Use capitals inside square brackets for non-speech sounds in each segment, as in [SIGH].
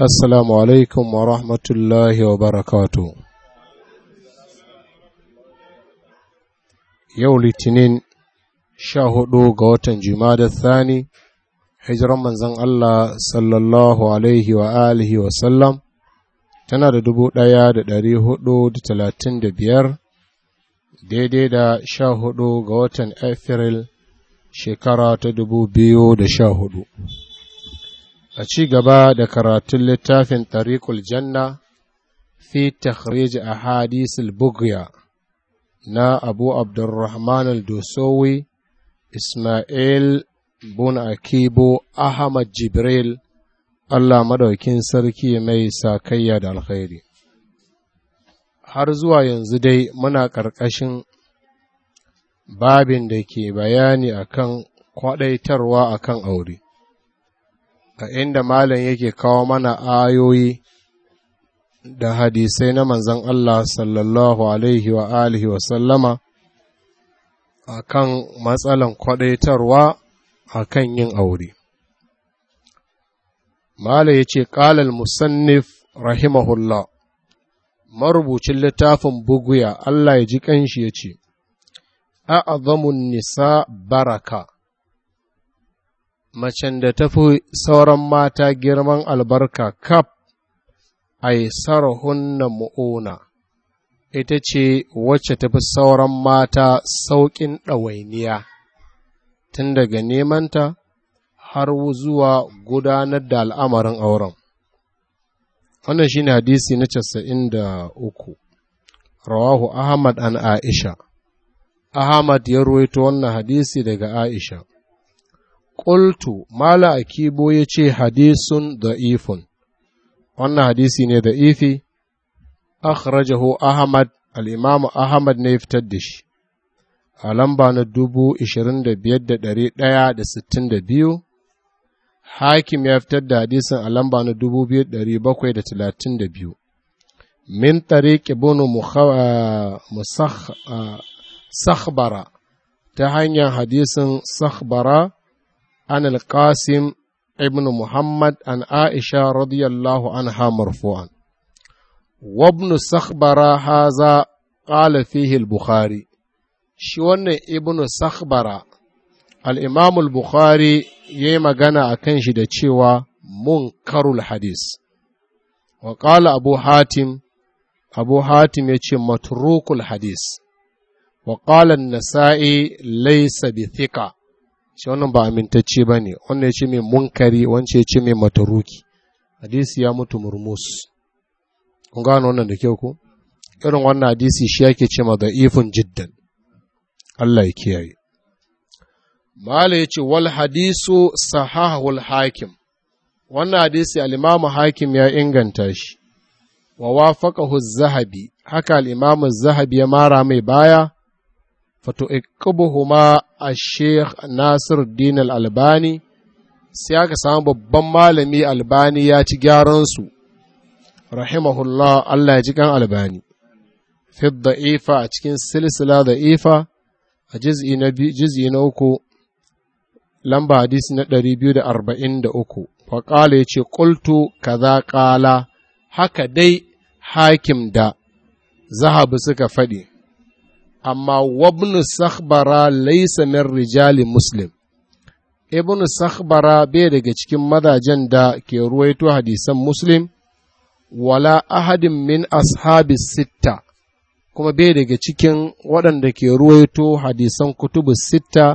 Assalamu alaikum wa rahmatullahi wa barakatu. Yau Litinin sha hudu ga watan da Thani, hijiran manzan Allah sallallahu alaihi wa alihi wa sallam, tana da dubu ɗaya da ɗari hudu da talatin da biyar, daidai da sha hudu ga watan Afril shekara ta dubu biyu da sha hudu. a ci gaba da karatun littafin tariqul janna fi takhrij ahadith al-bughya na abu abdurrahman al-dosowi ismail bun akibo ahmad jibril allah madaukin sarki mai sakayya da alkhairi har zuwa yanzu dai muna ƙarƙashin babin da ke bayani akan kwaɗaitarwa akan aure a inda malam yake kawo mana ayoyi da hadisai na manzan Allah sallallahu alaihi wa alihi wa sallama a kan matsalan kwadaitarwa a kan yin aure. Malam ya ce, Ƙalal musannif rahimahullah, marubucin littafin buguya Allah ya ji ƙanshi ya ce, A'azamun nisa baraka. macen da ta fi sauran mata girman albarka kaf ai sarahunna mu'una ita ce wacce ta fi sauran mata sauƙin ɗawainiya tun daga nemanta har zuwa gudanar da al'amarin auren wannan shine hadisi na casa'in da uku rawahu ahmad an aisha ahmad ya ruwaito wannan hadisi daga aisha Ƙultu, Mala Kibo ya ce hadisun ifun, wannan hadisi ne da'ifi, akhrajahu Ahmad, al'imamu Ahmad ne fitar da shi, a lamba na dubu ishirin da biyar da ɗari ɗaya da sittin da biyu, hakim ya fitar da hadisin a lamba na dubu biyu ɗari bakwai da talatin da biyu. Min tariq ibn musakhbara ta hanyar hadisin sakhbara an al-qasim ibn muhammad an aisha radiyallahu anha marfu'an wa ibn sakhbara haza qala fihi bukhari shi wannan ibnu Sakbara. al-imam al-bukhari yayi magana kan shi da cewa munkarul hadis wa qala abu hatim abu hatim yace matrukul hadis wa qala an-nasa'i laysa bi shi wannan ba amintacce ba ne wannan ya ce mai munkari wance ya ce mai mataruki hadisi ya mutu murmus kun gano wannan da kyau ku? irin wannan hadisi shi yake ce ma ifin jiddan Allah ya kiyaye mala ya ce wal hadisu sahahul hakim wannan hadisi alimamu hakim ya inganta shi wa wafaqahu zahabi haka alimamu zahabi ya mara mai baya fato Huma a sheikh nasir din albani sai aka samu babban malami albani ya ci gyaransu rahimahullah Allah ya ji kan albani fi da'ifa a cikin silsila da'ifa a jiz'i na uku lamba hadisi na ɗari biyu da faƙala ya ce ƙultu kaza ƙala haka dai hakim da zahabu suka faɗi amma wabnu sakhbara laisa min rijali muslim ibnu sakhbara bai daga cikin mazajen da ke ruwaito hadisan muslim wala ahadin min ashabi sitta kuma bai daga cikin waɗanda ke ruwaito hadisan kutubu sitta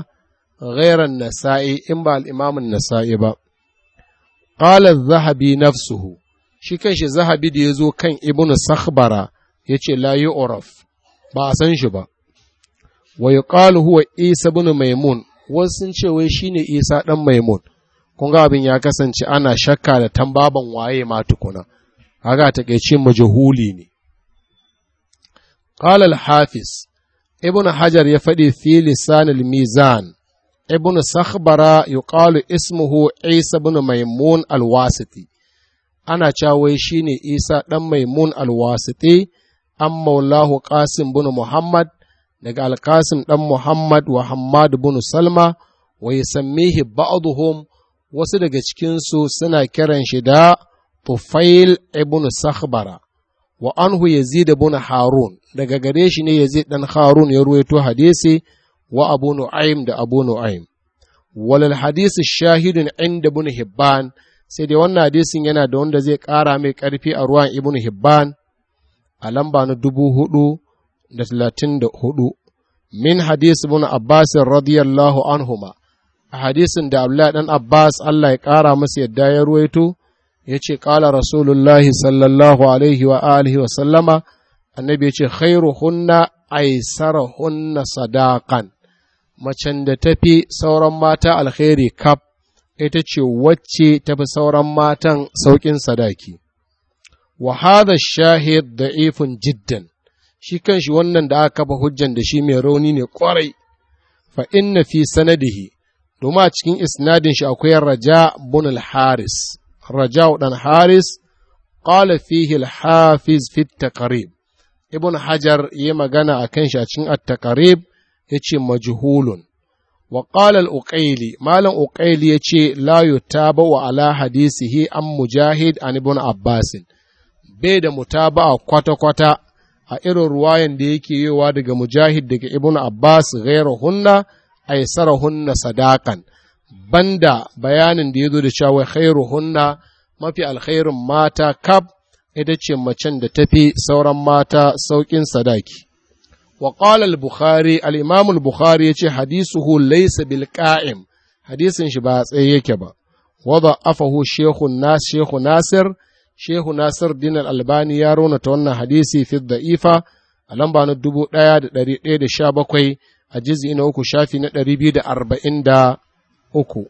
ghairan nasa'i in ba al'imamin nasa'i ba qala zahabi nafsuhu shi kanshi zahabi da ya zo kan ibnu sakhbara ya ce la yu'raf ba a san shi ba wa yuqalu huwa Isa ibn Maimun wasu ce wai shine Isa dan Maimun kun ga abin ya kasance ana shakka da tambaban waye ma tukuna kaga mu majhuli ne qala al-hafiz ibn hajar ya faɗi fi lisan al-mizan ibn sakhbara yuqalu ismuhu Isa ibn Maimun al-Wasiti ana cawai shine Isa dan Maimun al-Wasiti an maulahu Qasim ibn Muhammad daga alkasim dan Muhammad wa hamad bin Salma wa yasammihi ba'dhum wasu daga cikin su suna kiran shi da Tufail ibn Sakhbara wa anhu Yazid ibn Harun daga gare shi ne Yazid dan Harun ya ruwaito hadisi wa Abu Nu'aym da Abu Nu'aym walal hadisi shahidun inda ibn Hibban sai dai wannan hadisin yana da wanda zai ƙara mai karfi a ruwan ibn Hibban a lamba na dubu hudu da talatin da hudu min hadis bin Abbas radiyallahu anhuma a hadisin da Abdullahi dan Abbas Allah ya kara masa yadda ya ruwaito yace ce ƙala rasulullahi sallallahu alaihi wa alihi wa sallama annabi khairu hunna khairuhunna hunna sadaqan macen da tafi sauran mata alkhairi kaf ita ce wacce tafi sauran matan sauƙin sadaki wa hadha shahid da'ifun jiddan shi kan shi wannan da aka kafa hujjan da shi mai rauni ne kwarai fa inna fi sanadihi domin a cikin isnadin shi akwai raja bin al-haris raja dan haris qala fihi al-hafiz fi taqrib ibn hajar yi magana akan shi a cikin at-taqrib yace majhulun wa qala al-uqayli malam uqayli yace la yutaba wa ala hadisihi an mujahid an ibn abbas bai da mutaba'a kwata-kwata a irin ruwayan da yake yiwa daga mujahid daga ibn abbas ghaira hunna aisara hunna sadakan banda bayanin da yazo da cewa khairu hunna mafi alkhairun mata kab ita ce macen da tafi sauran mata saukin sadaki wa qala al-bukhari al-imam al-bukhari yace hadithuhu laysa bil qa'im hadisin shi ba tsaye yake ba wada afahu shaykhun nas shaykhun nasir shehu nasir din albani ya ta wannan hadisi fi da'ifa a lamba na dubu ɗaya da ɗari ɗaya da sha bakwai a jizi na uku shafi na ɗari biyu da arba'in da uku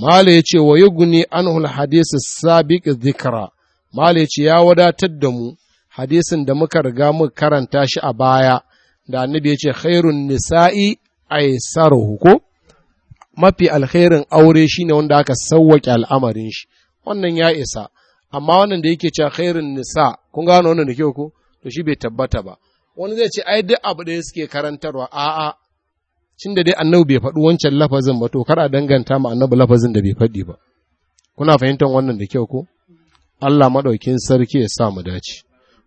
mala ya ce wa an hul hadisi sabiq zikra mala ya ce ya wadatar da mu hadisin da muka riga muka karanta shi a baya da annabi ya ce khairun nisa'i aisaruhu ko mafi alkhairin aure shine wanda aka sawwake al'amarin shi wannan ya isa amma wannan da yake cewa khairun nisa kun gano wannan da kyau ko to shi bai tabbata ba wani zai ce ai duk abu da suke karantarwa a'a cin da dai annabi bai faɗi wancan lafazin ba to kar a danganta ma annabi lafazin da bai faɗi ba kuna fahimtar wannan da kyau ko Allah madaukin sarki ya sa mu dace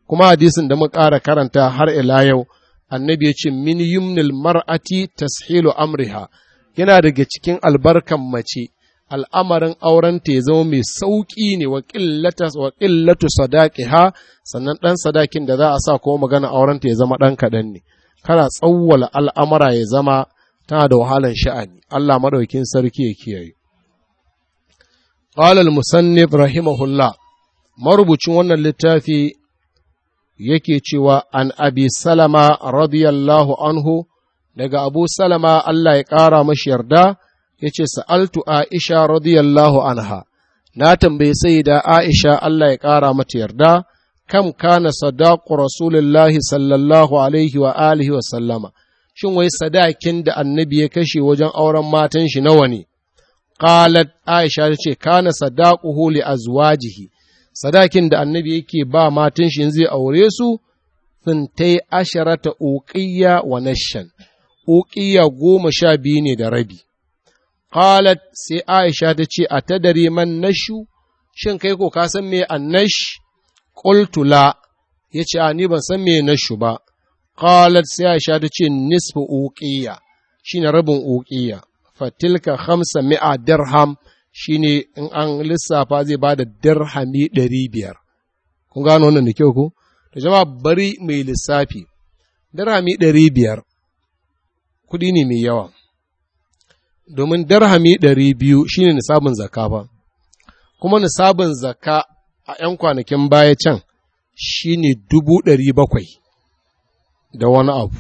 kuma hadisin da mu ƙara karanta har ila yau annabi ya ce min yumnil mar'ati tashilu amriha yana daga cikin albarkan mace al'amarin aurenta ya zama mai sauƙi ne wa ƙillatu sadaƙi ha sannan ɗan sadakin da za a sa kuma magana aurenta ya zama ɗan kaɗan ne kana tsawwala al'amara ya zama tana da wahalan sha'ani Allah maɗaukin sarki ya kiyaye ƙalal musannif rahimahullah marubucin wannan littafi yake cewa an abi salama radiyallahu anhu daga abu salama Allah ya ƙara mashi yarda ya ce sa'altu Aisha radiyallahu anha, na tambayi sai da Aisha Allah ya ƙara mata yarda, kam kana sadaku Rasulullahi sallallahu alaihi wa alihi wa sallama, shin wai sadakin da annabi ya kashe wajen auren matan shi nawa ne? Qalat Aisha ta ce, kana sadaku li azwajihi, sadakin da annabi yake ba matan shi zai aure su, fintai asharata uƙiyya wa nashan, uƙiyya goma sha biyu ne da rabi. Qalat sai Aisha ta ce, A tadari man nashu, shin kai ko ka san me annash? Ƙultula, ya ce, A ni ban san me nashu ba. Qalat sai Aisha ta ce, Nisfu uqiya shine rabin uƙiya. Fatilka hamsa mi'a dirham shine in an lissafa zai ba da dirhami ɗari biyar. Kun gano wannan da kyau ko? Da jama'a bari mai lissafi, dirhami ɗari biyar, kuɗi ne mai yawa. domin darhami ɗari biyu shine nisabin zaka ba kuma nisabin zaka a 'yan kwanakin baya can shine dubu ɗari bakwai da wani abu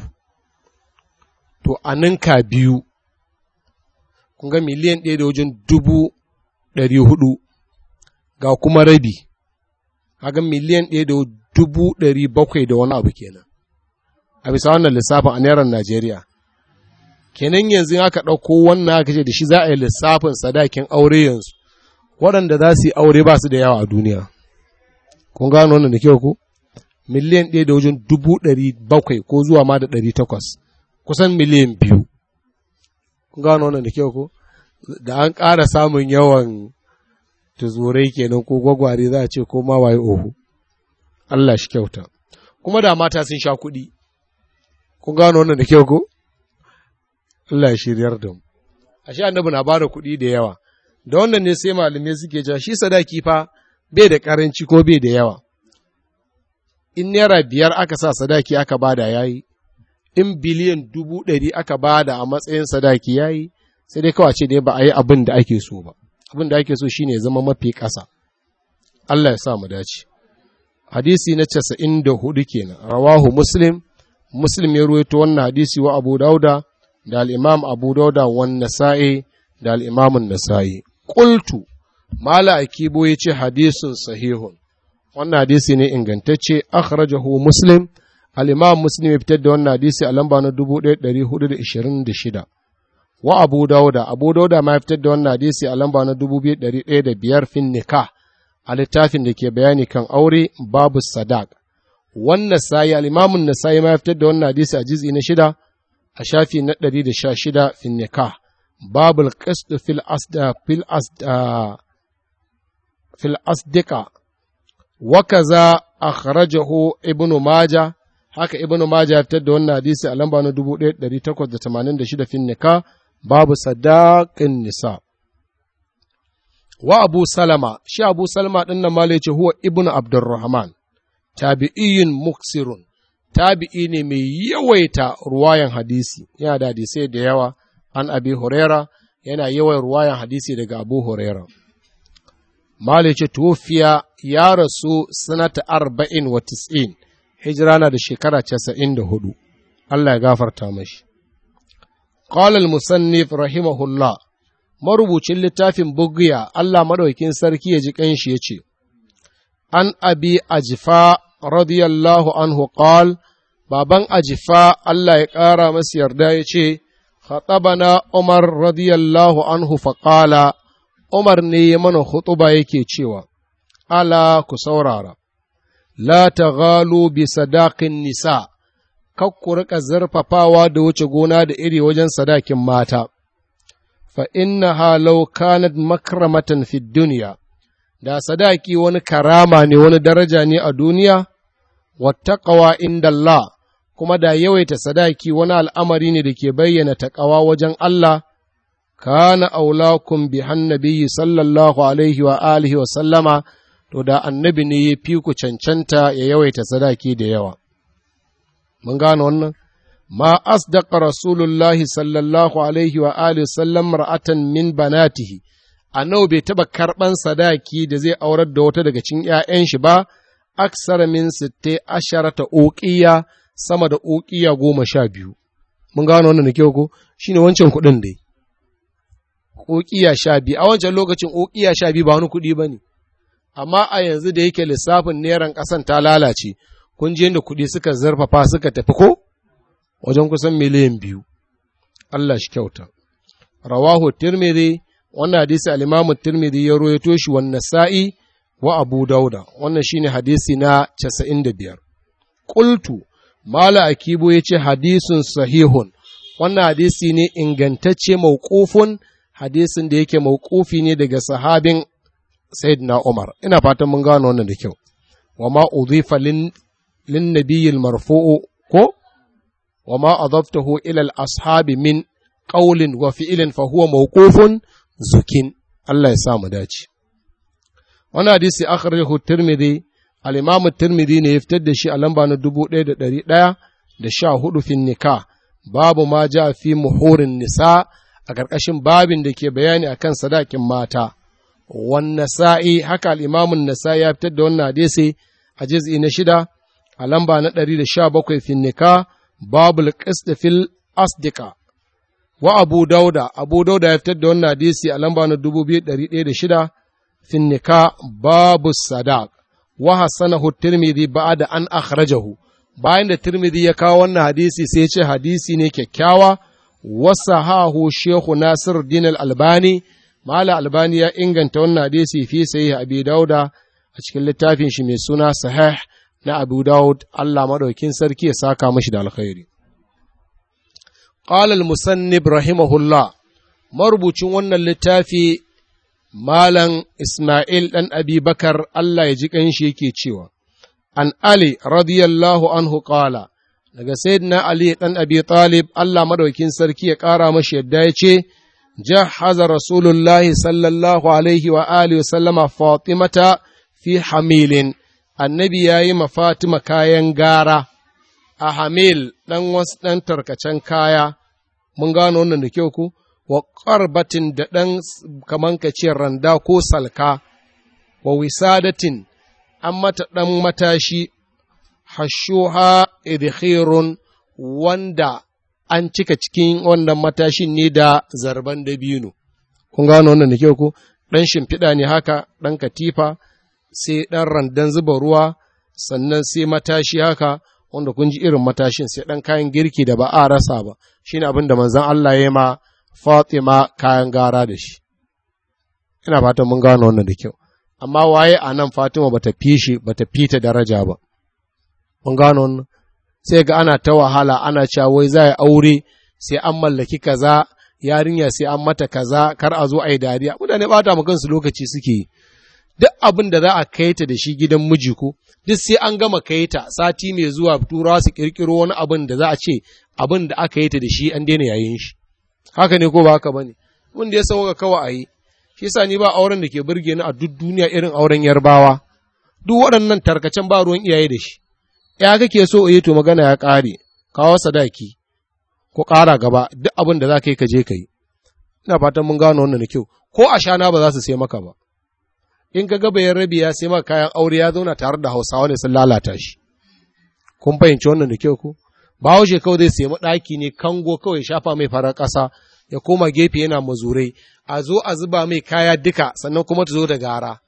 to a ninka biyu kun ga miliyan ɗaya da wajen dubu ɗari hudu ga kuma rabi ga miliyan ɗaya da dubu ɗari bakwai da wani abu kenan a bisa wannan lissafin a nairar najeriya kenan yanzu aka ɗauko wannan aka ce da shi za a yi lissafin sadakin aure yanzu waɗanda za su yi aure ba su da yawa a duniya kun gano wannan da kyau ko miliyan ɗaya da wajen dubu ɗari bakwai ko zuwa ma da ɗari takwas kusan miliyan biyu kun gano wannan da kyau ko da an ƙara samun yawan tuzurai kenan ko gwagware za a ce ko ma waye oho Allah shi kyauta kuma da mata sun sha kuɗi kun gano wannan da kyau ko Allah ya shiryar da mu ashe annabi na bada kuɗi da yawa da wannan ne sai malamai suke cewa shi sadaki fa bai da karanci ko bai da yawa in naira biyar aka sa sadaki aka bada yayi in biliyan dubu ɗari aka bada a matsayin sadaki yayi sai dai kawai ce ne ba a yi abin da ake so ba abin da ake so shi ne zama mafi ƙasa Allah ya sa mu dace hadisi na casa'in da hudu kenan rawahu muslim muslim ya ruwaito wannan hadisi wa abu dauda da al'imam abu dauda wan nasa'i da al'imamun nasa'i Kultu. mala Kibo ya ce hadisun sahihun wannan hadisi ne ingantacce rajahu muslim al'imam muslim ya fitar da wannan hadisi a lamba na 1426 wa abu dauda abu dauda ma ya fitar da wannan hadisi a lamba na 2105 fin nika. a littafin da ke bayani kan aure babu sadak wannan sayi al'imamun na ma ya fitar da wannan hadisi a jiz'i na shida a shafi na 116 fin nikah babul qist fil asda fil asda fil za a kaza akhrajahu ibnu majah haka ibnu majah fitar da wannan hadisi a lamba na dubu ɗaya da takwas tamanin 1886 fin nikah babu sadaqin nisa wa abu salama shi abu salama din nan malai ce huwa ibnu abdurrahman tabi'iyyin muksirun tabi'i ne mai yawaita ruwayan hadisi yana da hadisai da yawa an abi huraira yana yawan ruwayan hadisi daga abu huraira malice tufiya ya rasu sanata arba'in wa tis'in hijira na da shekara casa'in da hudu Allah ya gafarta mashi qala musannif rahimahullah marubucin littafin bugiya Allah madaukin sarki ya ji ƙanshi ya ce an abi ajifa radiyallahu anhu qal baban ajifa Allah ya ƙara masu yarda ya ce, bana Umar radiyallahu anhu faƙala, Umar ne mana hutuba yake cewa, Ala ku saurara, la ta galo bi sadakin nisa, kak ku riƙa zarfafawa da wuce gona da iri wajen sadakin mata, fa inna halau kanad makramatan fi duniya, da sadaki wani karama ne wani daraja ne a duniya, wattaqawa inda Allah kuma da yawaita sadaki wani al'amari ne da ke bayyana taƙawa wajen Allah, kana aulakum bi hannabi sallallahu alaihi wa alihi wa sallama, to da annabi ne ya fi ku cancanta ya yawaita sadaki da yawa. Mun gano wannan? Ma asdaqa Rasulullahi sallallahu alaihi wa alihi sallam ra'atan min banatihi, nau bai taɓa karɓan sadaki da zai aurar da wata daga cikin ‘ya'yan shi ba, aksara min sitte asharata uƙiya sama da ƙoƙiya goma sha biyu mun gano wannan da kyau ko Shi ne wancan kuɗin dai Ƙoƙiya sha biyu a wancan lokacin ƙoƙiya sha biyu ba wani kuɗi ba ne amma a yanzu da yake lissafin neran ƙasan ta lalace kun je da kuɗi suka zarfafa suka tafi ko wajen kusan miliyan biyu Allah shi kyauta rawahu tirmidhi wannan hadisi al imam tirmidhi ya rawaito shi wan sa'i wa abu dauda wannan shine hadisi na 95 qultu mala akibu ya ce hadisin sahihun wannan hadisi ne ingantacce mauƙufun hadisin da yake mauƙufi ne daga sahabin sayyidina umar ina fatan mun gano wannan da kyau wa ma udhifa lin nabiyil marfu'u ko wa ma adaftahu ila al ashabi min qawlin wa fi'lin fa huwa maukufun zukin Allah ya samu dace wannan hadisi akhrajahu tirmidhi al'imamu turmidi ne ya fitar da shi a lamba na dubu ɗaya da ɗari ɗaya da sha hudu fin nika babu ma ja fi muhurin nisa a ƙarƙashin babin da ke bayani akan sadakin mata Wanne sa'i haka al'imamun nasa ya fitar da wannan hadisi a jiz'i na shida a lamba na ɗari da sha bakwai fin nika babu alƙista fil asdika wa abu dauda abu dauda ya fitar da wannan hadisi a lamba na dubu biyu ɗari ɗaya da shida fin nika babu sadak wa hassanahu tirmidhi ba'da an akhrajahu bayan da tirmidhi ya kawo wannan hadisi sai ya ce hadisi ne kyakkyawa wasahahu shehu nasir din albani mala albani ya inganta wannan hadisi fi sahih abi dauda a cikin littafin shi mai suna sahih na abu daud Allah madaukin sarki ya saka mashi da alkhairi qala al musannib rahimahullah marubucin wannan littafi Malam Ismail ɗan Abi Bakar Allah ya ji ƙanshi yake cewa, An Ali radiyallahu anhu ƙala, daga saidina Ali ɗan Abi Talib Allah madaukin sarki ya ƙara mashi yadda ya ce, Jahaza Rasulullahi sallallahu alaihi wa alihi sallama Fatimata fi hamilin, annabi ya yi ma Fatima kayan gara, a hamil ɗan wasu ɗan tarkacen kaya, mun gano wannan da kyau ku? wa ƙarbatin da ɗan kaman ka randa ko salka, wa wisadatin an mata ɗan matashi, hashuha idhirun wanda an cika cikin wannan matashin ne da zarban dabino. Kun gano wannan da kyau ko? Ɗan shimfiɗa ne haka, ɗan katifa, sai ɗan randan zuba ruwa, sannan sai matashi haka, wanda kun ji irin matashin sai ɗan kayan girki da ba a rasa ba, shi ne abin da manzan Allah ya ma fatima kayan gara da shi ina fatan mun gano wannan da kyau amma waye a nan fatima bata fi shi bata ta daraja ba mun gano wannan sai ga ana ta wahala ana cewa wai za a aure sai an mallaki kaza yarinya sai an mata kaza kar a zo a yi dariya mutane ta mu kansu lokaci suke yi duk abin da za a kai ta da shi gidan miji ko duk sai an gama kai ta sati mai zuwa turawa su kirkiro wani abin da za a ce abin da aka yi ta da shi an daina yayin shi haka ne ko ba haka bane mun da ya sauka kawai ayi shi sa ni ba auren da ke burge ni a duk duniya irin auren yarbawa duk waɗannan tarkacen ba ruwan iyaye da shi ya kake so yi eh, to magana ya ƙare kawo sadaki ko ƙara gaba duk abin da za ka yi ka je ka yi ina fatan mun gano wannan da kyau ko a shana ba za su sai maka ba in ka gaba yan rabi ya sai maka kayan aure ya zauna tare da hausawa ne sun lalata shi kun fahimci wannan da kyau ko bahaushe kawai zai sayi ɗaki ne kango kawai shafa mai farar ƙasa ya koma gefe yana mazurai a zo a zuba mai kaya duka sannan kuma ta zo da gara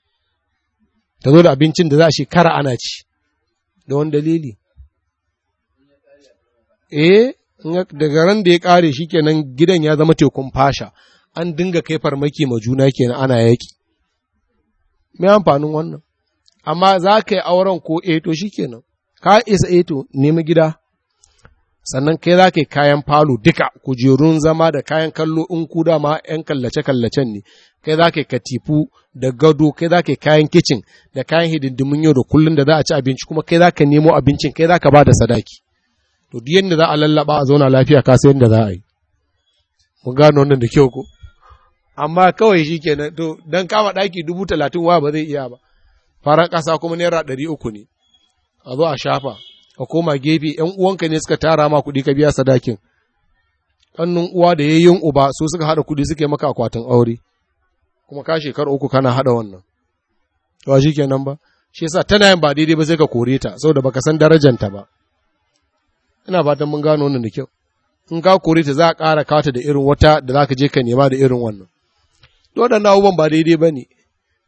ta zo da abincin da za a shekara ana ci da wani dalili eh daga ran da ya kare shi kenan gidan ya zama tekun fasha an dinga kai farmaki ma juna kenan ana yaki me amfanin wannan amma za ka yi auren ko eto eh, shi kenan ka isa eto eh, nemi gida sannan kai za ka yi kayan falo duka kujerun zama da kayan kallo in ku dama 'yan kallace-kallacen ne kai za ka yi katifu da gado kai za ka kayan kicin da kayan hidindimin yau da kullum da za a ci abinci kuma kai za ka nemo abincin kai za ka ba da sadaki to duk yadda za a lallaba a zauna lafiya ka sai yadda za a yi mun gano wannan da kyau ko amma kawai shi kenan to don kama ɗaki dubu talatin wa ba zai iya ba faran ƙasa kuma naira ɗari uku ne a zo a shafa ka koma gefe ‘yan uwanka ne suka tara ma kuɗi ka biya sadakin ƙannun uwa da ya yin uba su suka haɗa kuɗi suke maka akwatin aure kuma ka shekaru uku kana haɗa wannan to shi kenan ba shi yasa tana yin ba daidai ba sai ka kore ta saboda baka san darajanta ba ina fatan mun gano wannan da kyau in ka kore ta za a ƙara kata da irin wata da za ka je ka nema da irin wannan waɗannan abubuwan ba daidai ba ne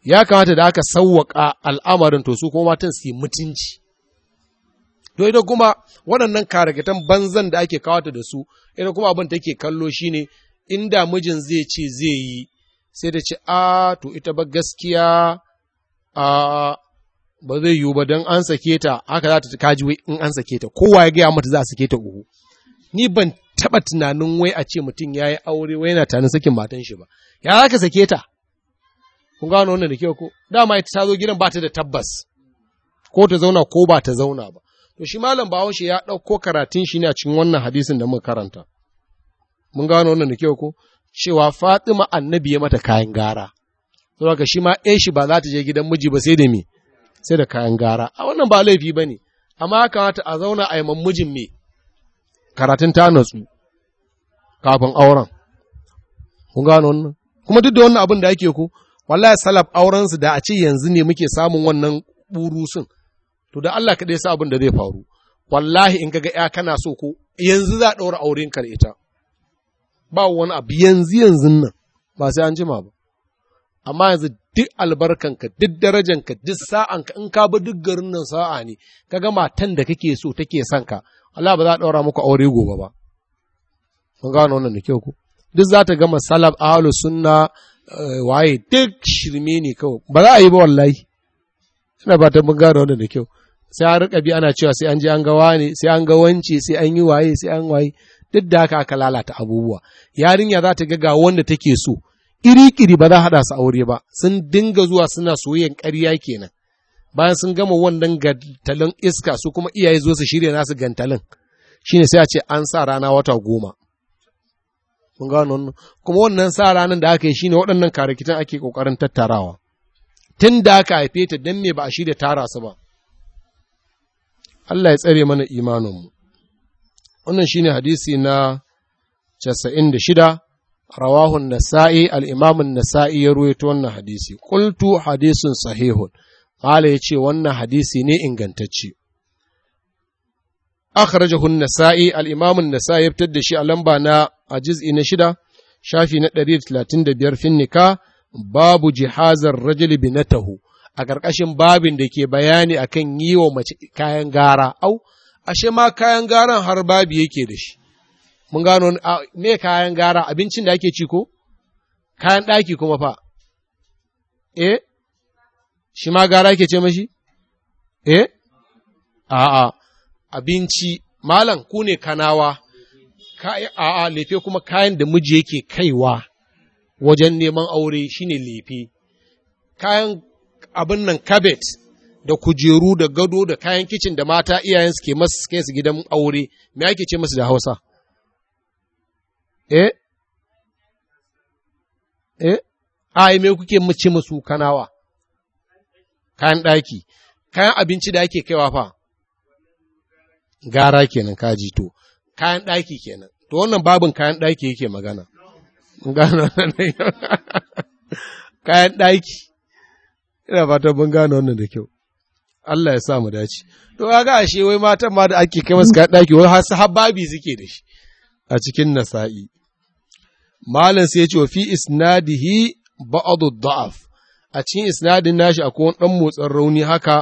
ya kamata da aka sauwaƙa al'amarin to su kuma matan su yi mutunci to ita kuma waɗannan karagatan banzan da ake kawata da su ita kuma abin take kallo shi ne, inda mijin zai ce zai yi sai ta ce a to ita ba gaskiya a ba zai yiwu ba don an sake ta haka za ta kaji wai in an sake ta kowa ya gaya mata za a sake ta uku ni ban taɓa tunanin wai a ce mutum ya yi aure wai yana tunanin sakin matan shi ba ya za ka sake ta kun gano wannan da kyau ko dama ita ta zo gidan ba ta da tabbas ko ta zauna ko ba ta zauna ba to shi malam shi ya ɗauko karatun shi ne a cikin wannan hadisin da muka karanta mun gano wannan da kyau ko cewa fatima annabi ya mata kayan gara saboda shi ma ɗan shi ba za ta je gidan miji ba sai da me sai da kayan gara a wannan ba laifi ba ne amma ya kamata a zauna a yi mijin me karatun ta natsu kafin auren Mun gano wannan kuma duk da wannan abin da ake ko wallahi salaf auren su da a ce yanzu ne muke samun wannan burusun to da Allah kaɗai sa abin da zai faru wallahi in kaga ya kana so ko yanzu za a ɗaura auren kar ita ba wani abu yanzu yanzu nan ba sai an jima ba amma yanzu duk albarkanka duk darajanka duk sa'anka in ka bi duk garin nan sa'a ne ka ga matan da kake so take son ka Allah ba za a ɗaura muku aure gobe ba mun gano wannan da kyau ko duk za ta gama salaf ahlus sunna eh, waye duk shirme ne kawai ba za a yi ba wallahi ina ba ta mun gano wannan da kyau sai an rika bi ana cewa sai an je an ga wani, sai an ga wance sai an yi waye sai an waye duk da haka aka lalata abubuwa yarinya za ta ga ga wanda take so iri kiri ba za haɗa su aure ba sun dinga zuwa suna soyayyen ƙarya kenan bayan sun gama wannan gantalin iska su kuma iyaye zo su shirya nasu gantalin shine sai a ce an sa rana wata goma mun ga wannan kuma wannan sa ranar da aka yi shine waɗannan karakitan ake kokarin tattarawa tun da aka haife ta dan me ba a shirya tara su ba Allah ya tsare mana imaninmu. Wannan shi ne hadisi na casa'in da shida, rawahun nasa'i, al'imamun nasa'i ya ruwaito wannan hadisi, ƙultu hadisun sahihun, ƙala ya ce wannan hadisi ne ingantacce. Akhrajahun nasa'i, al'imamun nasa'i ya fitar da shi a lamba na a jiz'i na shida, shafi na ɗari talatin da biyar fin nika, babu jihazar na tahu. a ƙarƙashin babin da ke bayani kan yi wa mace kayan gara au ashe ma kayan garan har babi yake da shi mun gano me kayan gara abincin da ake ci ko kayan ɗaki kuma fa eh shi ma gara ke ce mashi eh a'a abinci malam ku ne kanawa a'a lefe kuma kayan da miji yake kaiwa wajen neman aure shine lefe kayan abin nan kabet da kujeru da gado da kayan kicin da mata iyayen suke masu suke su gidan aure me ake ce masu da hausa eh eh ai me kuke mace masu kanawa kayan daki. kayan abinci da ake kaiwa fa gara kenan kaji to kayan daki kenan to wannan babin kayan daki yake magana gano [LAUGHS] kayan daki. ina fatan mun gane wannan da kyau Allah ya sa mu dace to kaga ashe wai matan ma da ake kai masu ki wai har hababi suke da shi a cikin nasa'i malam sai ya ce wa fi isnadihi ba'd daaf a cikin isnadin nashi akwai wani dan motsin rauni haka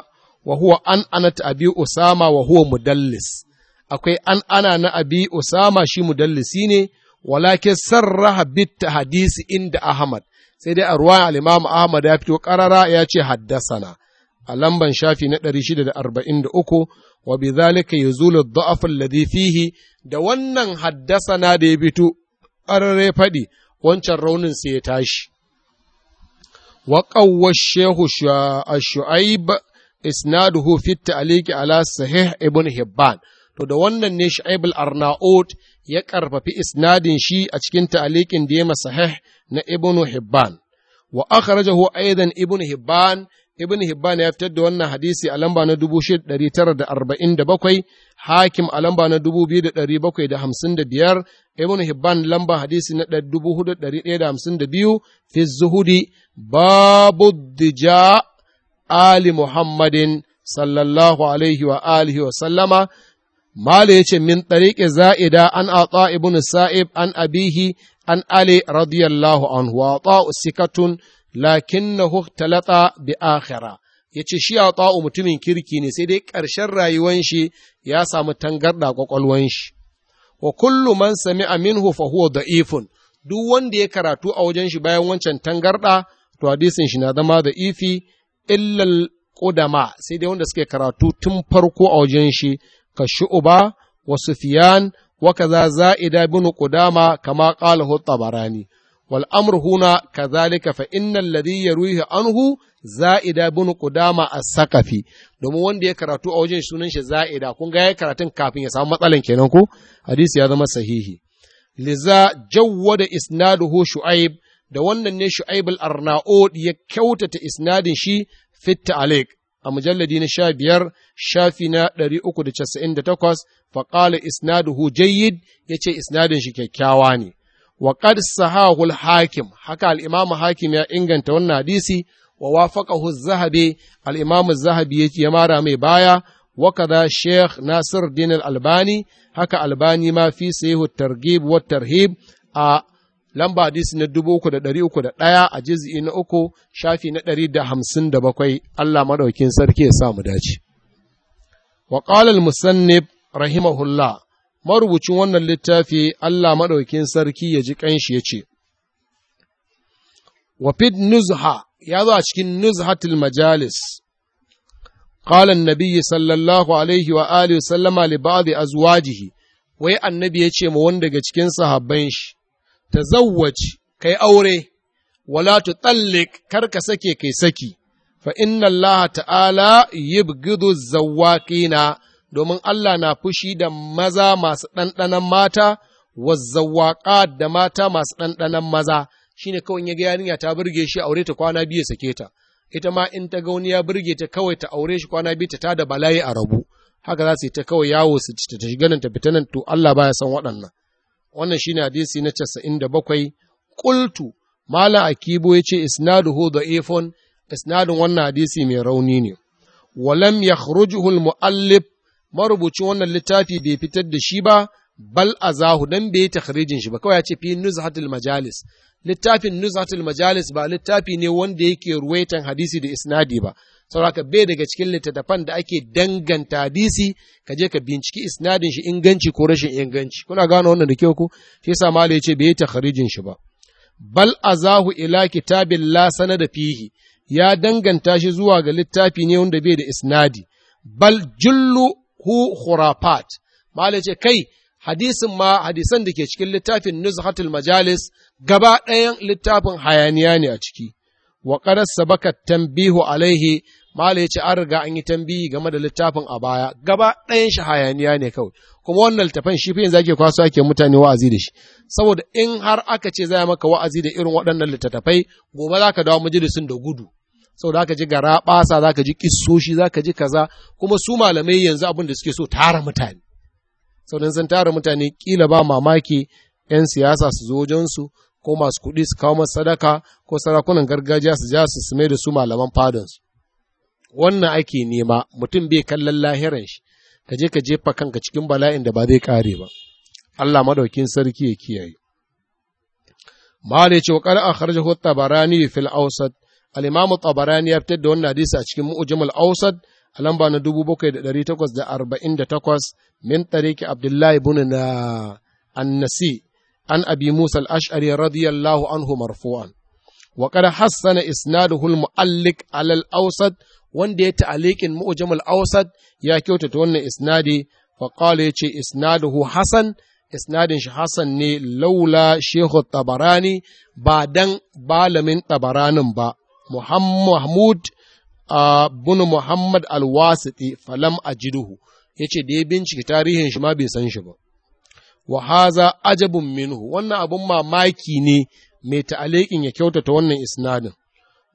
wa huwa an ana abi usama wa huwa mudallis akwai an ana na abi usama shi mudallisi ne walakin sarraha bit hadisi inda ahmad sai dai a ruwa al Ahmad ya fito karara ya ce haddasana a lamban shafi na 643 wa bi zalika ya zula da'afin fihi da wannan haddasana da ya fito karare faɗi, wancan raunin sai ya tashi wa ƙawwar shehu shu'aib isnaduhu fi at-ta'liq ala sahih ibn hibban to da wannan ne shu'aib al-arnaut ya ƙarfafi isnadin shi a cikin ta'alikin da ya masahih na Ibn Hibban. Wa huwa aidan Ibn Hibban, Ibn Hibban ya fitar da wannan hadisi a lamba na bakwai. Hakim a lamba na 2755, Ibn Hibban lamba hadisi na 4152 fi zuhudi babu dija Ali Muhammadin sallallahu alaihi wa alihi wa sallama Mala ya ce, Min ɗariƙe za'ida an ata ibn sa'ib an abihi an Ali radiyallahu anhu wa ta'u sikatun lakin na bi akhira. Ya ce, Shi a ta'u mutumin kirki ne sai dai ƙarshen rayuwanshi shi ya samu tangarɗa ƙwaƙwalwan shi. Wa kullu man sami minhu fa huwa da'ifun. Duk wanda ya karatu a wajen shi bayan wancan tangarɗa, to hadisin shi na zama da ifi illal ƙudama sai dai wanda suke karatu tun farko a wajen shi ka shu'uba wa sufiyan wa kaza za'ida bin qudama kama qala tabarani wal amru huna kadhalika fa innal ladhi yaruhi anhu za'ida bin ƙudama a sakafi. domin wanda ya karatu a wajen sunan shi za'ida kun ga ya karatun kafin ya samu matsalan kenan ko hadisi ya zama sahihi liza jawwada isnaduhu shu'aib da wannan ne shu'aib al-arnaud ya kyautata isnadin shi fit alik a mujalladi na sha biyar shafi na ɗari uku da casa'in da takwas faƙala isnaduhu jayyid ya ce isnadin shi kyakkyawa ne wa qad sahahul hakim haka al-imamu hakim ya inganta wannan hadisi wa wafaqahu az-zahabi al-imamu az-zahabi ya mara mai baya وكذا شيخ ناصر الدين الألباني هكا ألباني ما في سيه الترغيب والترهيب آه lamba hadisi na dubu uku da ɗari uku da ɗaya a jizi'i na uku shafi na ɗari da hamsin da bakwai Allah maɗaukin sarki ya samu dace. Wa ƙalal musannib rahimahullah marubucin wannan littafi Allah maɗaukin sarki ya ji ƙanshi ya ce, Wa nuzha ya zo a cikin nuzhatul majalis قال sallallahu alaihi wa alihi وآله وسلم لبعض azwajihi, wai annabi ya ce ma wani daga cikin sahabban shi ta zawwaj kai aure, wala tu tsallik kar ka sake kai saki, fa inna Allah ta'ala yibgidu zawwaƙina domin Allah na fushi da maza masu ɗanɗanan mata, wazzawaƙa da mata masu ɗanɗanan maza, shine kawai ya ga yarinya ta burge shi aure ta kwana biyu sake ta. ita ma in ta ga wani ya burge ta kawai ta aure shi kwana biyu ta ta da bala'i a rabu haka za su yi ta kawai yawo su ta shiga nan ta fita nan to Allah baya san waɗannan wannan shine hadisi na casa'in da bakwai ƙultu Malam akibo ya ce hu da efon isnadin wannan hadisi mai rauni ne walam ya al-muallif marubucin wannan littafi bai fitar da shi ba bal azahu dan bai yi takhrijin shi ba kawai ya ce fi nuzhatul majalis littafin nuzhatul majalis ba littafi ne wanda yake ruwaitan hadisi da isnadi ba sauraka bai daga cikin littattafan da ake danganta hadisi ka je ka binciki isnadin shi inganci ko rashin inganci kuna gano wannan da kyau ku shi yasa mala yace bai yi kharijin shi ba bal azahu ila kitabin la sanada fihi ya danganta shi zuwa ga littafi ne wanda bai da isnadi bal jullu hu khurafat malu yace kai hadisin ma hadisan da ke cikin littafin nuzhatul majalis gaba ɗayan littafin hayaniya ne a ciki wa qad sabaka tanbihu alaihi mala yace an riga an yi tambihi game da littafin a baya gaba ɗayan shi hayaniya ne kawai kuma wannan littafin shi fa yanzu ake kwaso ake mutane wa'azi da shi saboda in har aka ce zai maka wa'azi da irin waɗannan littattafai gobe za ka dawo majalisin da gudu saboda aka ji gara ɓasa ka ji kissoshi ka ji kaza kuma su malamai yanzu abin da suke so tara mutane saboda sun tara mutane kila ba mamaki 'yan siyasa su zo wajensu ko masu kuɗi su kawo masu sadaka ko sarakunan gargajiya su ja su sume da su malaman fadansu wannan ake nema mutum bai kallon lahiran shi ka je ka jefa kanka cikin bala'in da ba zai kare ba Allah madaukin sarki ya kiyaye ya ce wa qala akhrajahu at-Tabarani fil Awsat al'imamu tabarani ya fitar da wannan hadisi a cikin Mu'jam ausad a lamba na da takwas min ki Abdullahi bunu na annasi an abi musa al-ash'ari radiyallahu anhu marfu'an waƙar qad hassana isnaduhu al-mu'alliq ala al-awsat wanda ya ta'aliqin mu'jam al-awsat ya kyautata wannan isnadi fa qala yace isnaduhu hasan isnadin shi Hassan ne laula shehu tabarani ba dan balamin tabaranin ba muhammad bin muhammad al-wasiti falam ajiduhu yace da ya bincike tarihin shima bai san shi ba wa haza ajabun minhu wannan abun mamaki ne mai ta'alikin ya kyautata wannan isnadin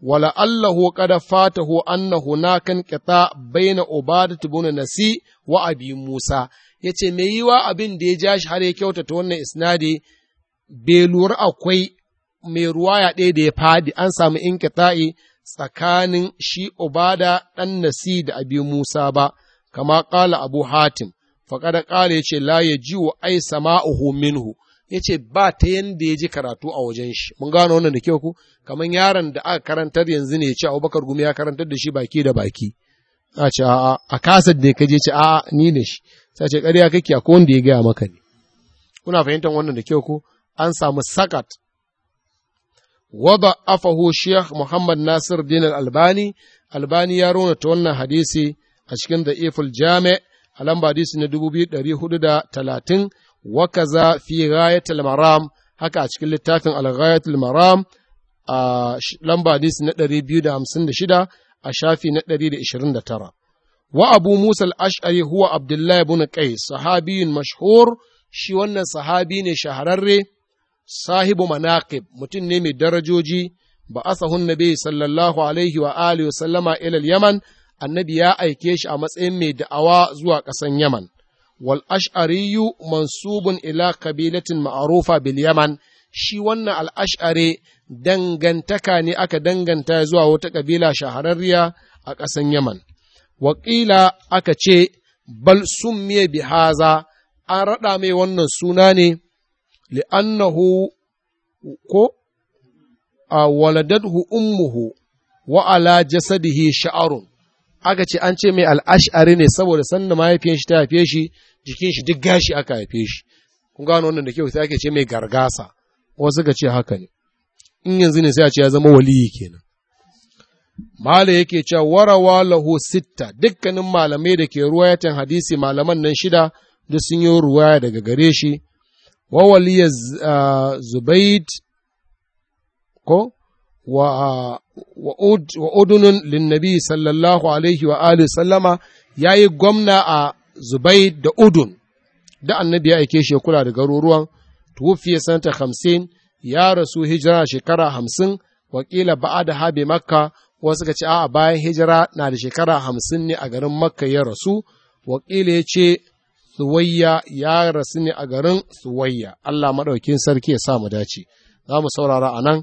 wala allahu qad fatahu anna kan qita baina ubadatu bin nasi wa abi musa yace me yiwa abin da ya ja shi har ya kyautata wannan isnadi bai lura akwai mai ruwaya ɗaya da ya fadi an samu inqita'i tsakanin shi ubada dan nasi da abi musa ba kama ƙala abu hatim faƙada ƙala ya ce la ya ji wa ai sama'uhu minhu ya ce ba ta yadda ya ji karatu a wajen shi mun gano wannan da kyau ku kamar yaron da aka karantar yanzu ne ya ce abubakar gumi ya karantar da shi baki da baki a ce a'a a kasar da ka je ce a'a ni ne shi sai ce ƙarya kake a ko wanda ya gaya maka ne kuna fahimtar wannan da kyau ku an samu sakat wada afahu sheikh muhammad nasir din albani albani ya rona ta wannan hadisi a cikin da iful jami' a lamba hadisi na dubu biyu da hudu talatin, wa kaza fi ghayatul maram haka a cikin littafin al ghayatul maram a lamba hadisi na biyu da da hamsin shida a shafi na da ishirin 129 wa abu musa al-ash'ari huwa abdullah ibn qais sahabiyyun mashhur shi wannan sahabi ne shahararre sahibu manaqib mutum ne mai darajoji ba asahun nabi sallallahu alaihi wa alihi wa sallama ila al-yaman annabi ya aike shi a matsayin mai da'awa zuwa ƙasan Yaman. Wal ash'ariyu mansubun ila kabilatin ma'arufa bil Yaman, shi wannan al'ash'are dangantaka ne aka danganta zuwa wata ƙabila shahararriya a ƙasan Yaman. Waƙila aka ce, bal summiye bi haza, an raɗa mai wannan suna ne, li'annahu ko a waladadhu ummuhu wa ala jasadihi sha'arun aka ce an ce mai al'ash'ari ne saboda sanda mahaifiyar shi ta haife shi jikin shi duk gashi aka haife shi kun gano wannan da kyau sai ake ce mai gargasa wasu ka ce haka ne in yanzu ne sai a ce ya zama waliyi kenan Malam yake cewa warawa lahu sitta dukkanin malamai da ke ruwayatan hadisi malaman nan shida da sun yi ruwaya daga gare shi wa waliya ah, Zubaid ko wa udunun linnabi sallallahu alaihi wa alihi sallama ya yi gwamna a zubai da udun da annabi ya aike shi kula da garuruwan ya santa hamsin ya rasu hijira shekara hamsin wakila ba'a da habe makka wasu ka ce a bayan hijira na da shekara hamsin ne a garin makka ya rasu wakila ya ce suwayya ya rasu ne a garin suwayya allah maɗaukin sarki ya sa mu dace za mu saurara a nan